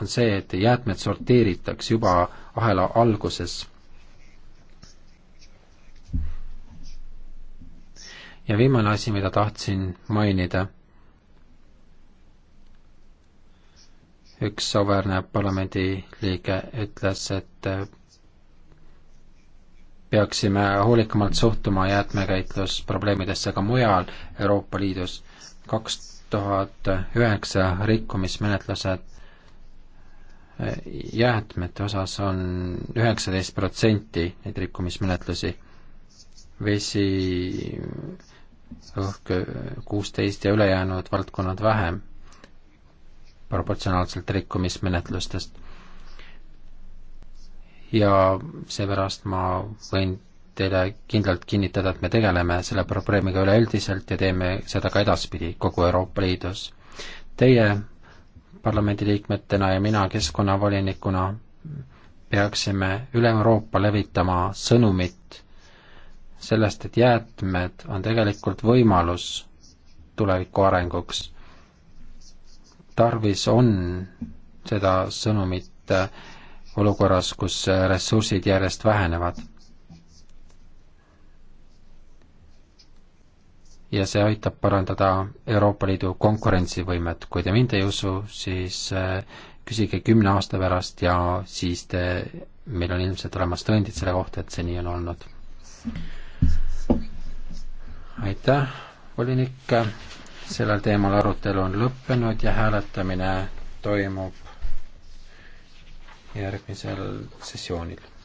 on see, et jäätmed sorteeritakse juba ahela alguses ja viimane asi, mida tahtsin mainida. üks auväärne parlamendiliige ütles, et peaksime hoolikamalt suhtuma jäätmekäitlusprobleemidesse ka mujal Euroopa Liidus. kaks tuhat üheksa rikkumismenetlused eh, jäätmete osas on üheksateist protsenti neid rikkumismenetlusi. vesi kuusteist ja ülejäänud valdkonnad vähem proportsionaalselt rikkumismenetlustest. ja seepärast ma võin teile kindlalt kinnitada, et me tegeleme selle probleemiga üleüldiselt ja teeme seda ka edaspidi kogu Euroopa Liidus. Teie parlamendiliikmetena ja mina keskkonnavolinikuna peaksime üle Euroopa levitama sõnumit sellest, et jäätmed on tegelikult võimalus tuleviku arenguks. tarvis on seda sõnumit äh, olukorras, kus äh, ressursid järjest vähenevad. ja see aitab parandada Euroopa Liidu konkurentsivõimet, kui te mind ei usu, siis äh, küsige kümne aasta pärast ja siis te, meil on ilmselt olemas tõendid selle kohta, et see nii on olnud aitäh, volinik, sellel teemal arutelu on lõppenud ja hääletamine toimub järgmisel sessioonil